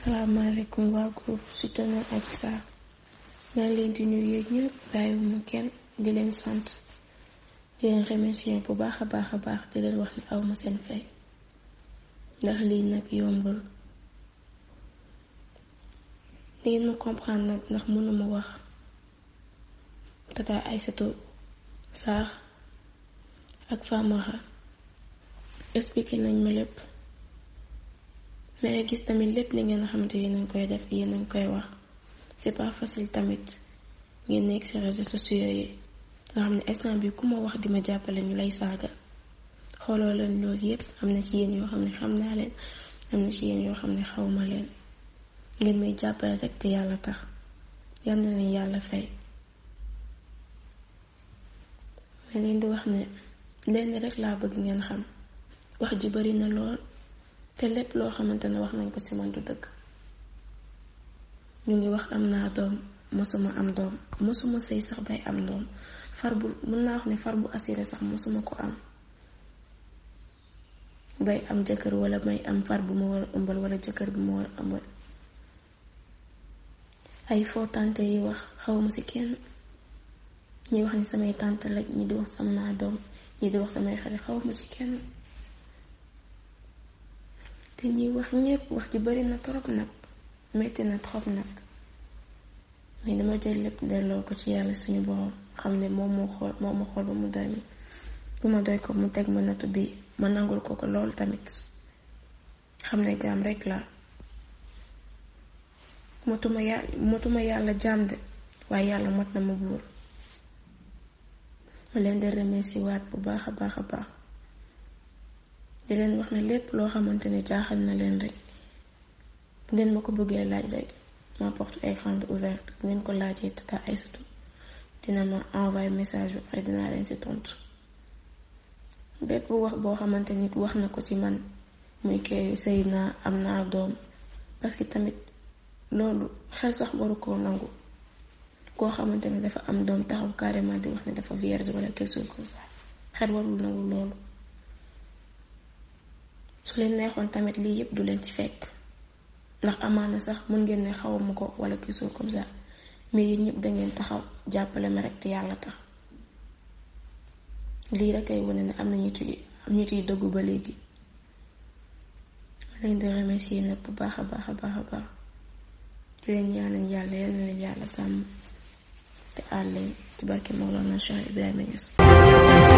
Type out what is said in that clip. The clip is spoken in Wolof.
asalaamaaleykum waa groupe soutenir Adji Sarr maa leen di nuyu yéen ñëpp bàyyiwuma kenn di leen sant di leen remercier bu baax a baax a baax di leen wax ni awma seen fay ndax lii nag yombul di ngeen ma comprendre ndax mënuma wax ay Aïssatou saax ak Famara expliqué nañ ma lépp mais gis tamit lépp li ngeen xamante yéen a koy def yéen a koy wax c'est pas facile tamit ngeen nekk ci réseaux sociaux yi nga xam ne instant yi ku ma wax di ma jàppale ñu lay saaga xooloo leen loolu yépp am na ci yéen yoo xam ne xam naa leen am na ci yéen yoo xam ne xaw ma leen ngeen may jàppale rek te yàlla tax yal na leen yàlla fay ma leen di wax ne lenn rek laa bëgg ngeen xam wax ji bari na lool. te lépp loo xamante ne wax nañ ko ci man du dëgg ñu ngi wax am naa doom mosuma am doom mosuma sëy sax bay am doom far bu mën naa wax ne far bu assuré sax mosuma ko am bay am jëkkër wala may far bu ma war a ëmbal wala jëkkër bu war ay foo tante yi wax ma ci kenn ñi wax ni samay tante la ñi di wax am naa doom ñi di wax samay xale xawma ci kenn te ñuy wax ñépp wax ci bari na trop nag metti na trop nag mais dama jël lépp delloo ko ci yàlla suñu borom xam ne moom moo xool moom ma xool ba mu doy mi bu ma doy ko mu teg ma nattu bi ma nangul ko ko lool tamit xam ne jaam rek la matuma yàlla matuma yàlla jaam de waaye yàlla mat na ma buur ma leen di remercier waat bu baax a baax a baax di leen wax ne lépp loo xamante ne jaaxal na leen rek bu ngeen ma ko bëggee laaj rek ma porte est grande ouverte bu ngeen ko laajee tata Aïssatou dina ma envoyé message bi après dinaa leen si tontu bépp wax boo xamante nit wax na ko ci man muy kay sëy naa am naa doom parce que tamit loolu xel sax waru koo nangu koo xamante ne dafa am doom taxaw carrément di wax ne dafa vierge wala quelque chose comme ça xel warul nangu loolu. su leen neexoon tamit lii yëpp du leen ci fekk ndax amaana sax mën ngeen ne xawma ko walla gisoo comme ça mais yéen ñëpp dangeen taxaw jàppale ma rek te yàlla tax lii rek ay wone ne am na ñu tuy am ñu tuy dëggu ba léegi ma leen di remercier nag baax a baax a baax a baax di leen ñaanal yàlla yal na leen yàlla sàmm te àll leen ci barke Mawlana Cheikh Ibrahima Niass